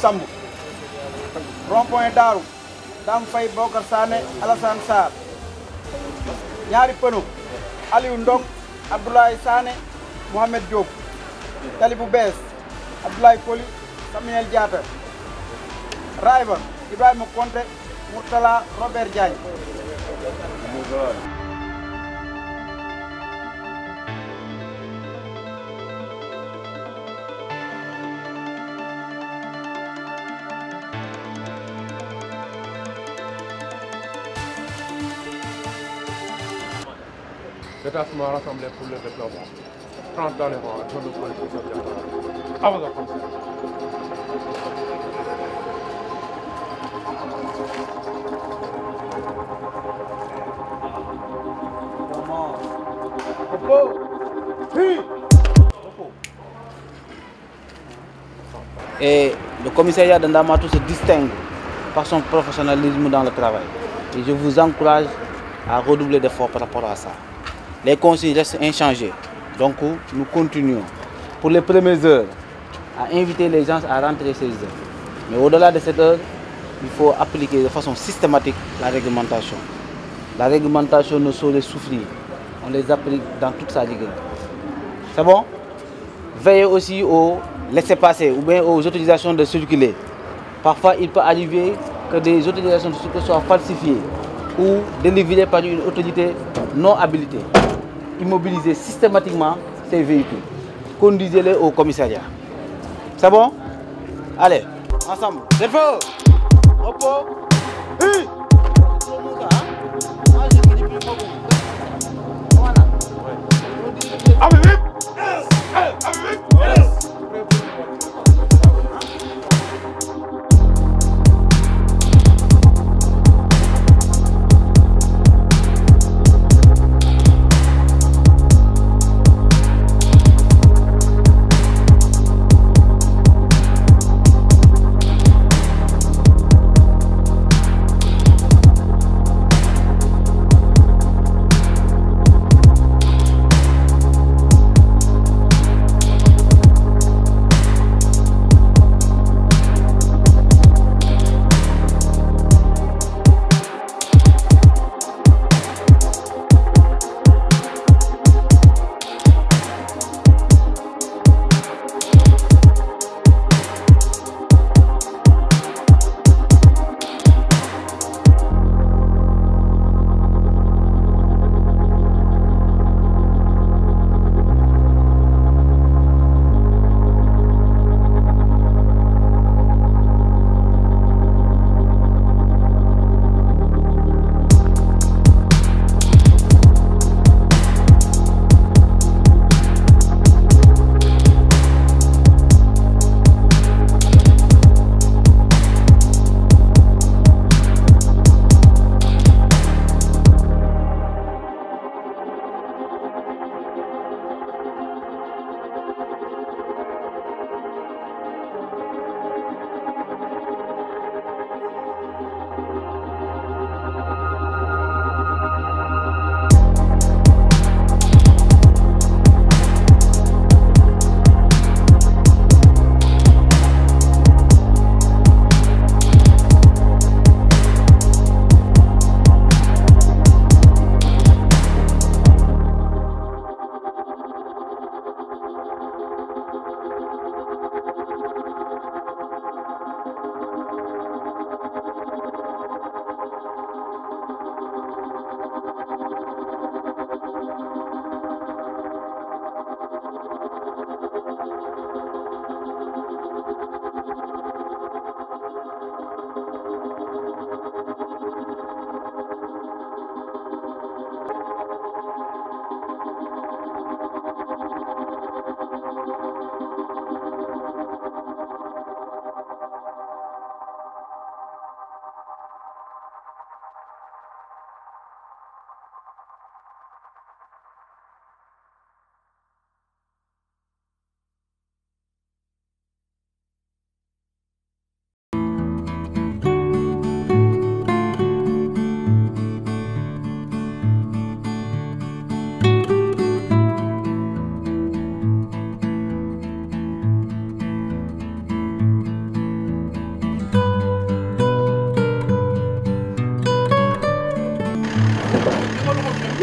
Samb rond point Daaru Dame Faye Bokar Sané Alassane Sarr ñaari pëno Aliou Ndong Abdoulaye Sané Mohamed Diop tali bu bees Abdoulaye Koli Samuel Diatta Rayba Ibrahima Konté Mourtala Robert Diagne détachement rassemblé pour le déploiement. 30 dans les rangs, le les politique sociale. Avançons comme Et le commissariat de se distingue par son professionnalisme dans le travail. Et je vous encourage à redoubler d'efforts par rapport à ça. Les consignes restent inchangées. Donc nous continuons. Pour les premières heures, à inviter les gens à rentrer ces heures. Mais au-delà de cette heure, il faut appliquer de façon systématique la réglementation. La réglementation ne saurait souffrir. On les applique dans toute sa rigueur. C'est bon Veillez aussi au laisser-passer ou bien aux autorisations de circuler. Parfois, il peut arriver que des autorisations de circuler soient falsifiées ou délivrées par une autorité non habilitée immobiliser systématiquement ces véhicules. Conduisez-les au commissariat. C'est bon Allez, ensemble. C'est Repos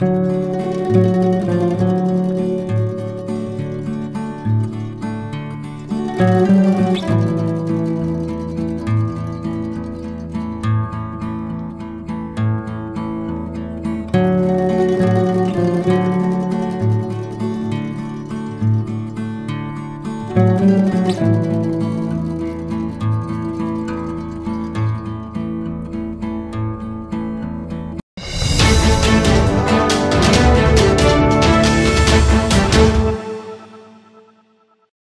thank you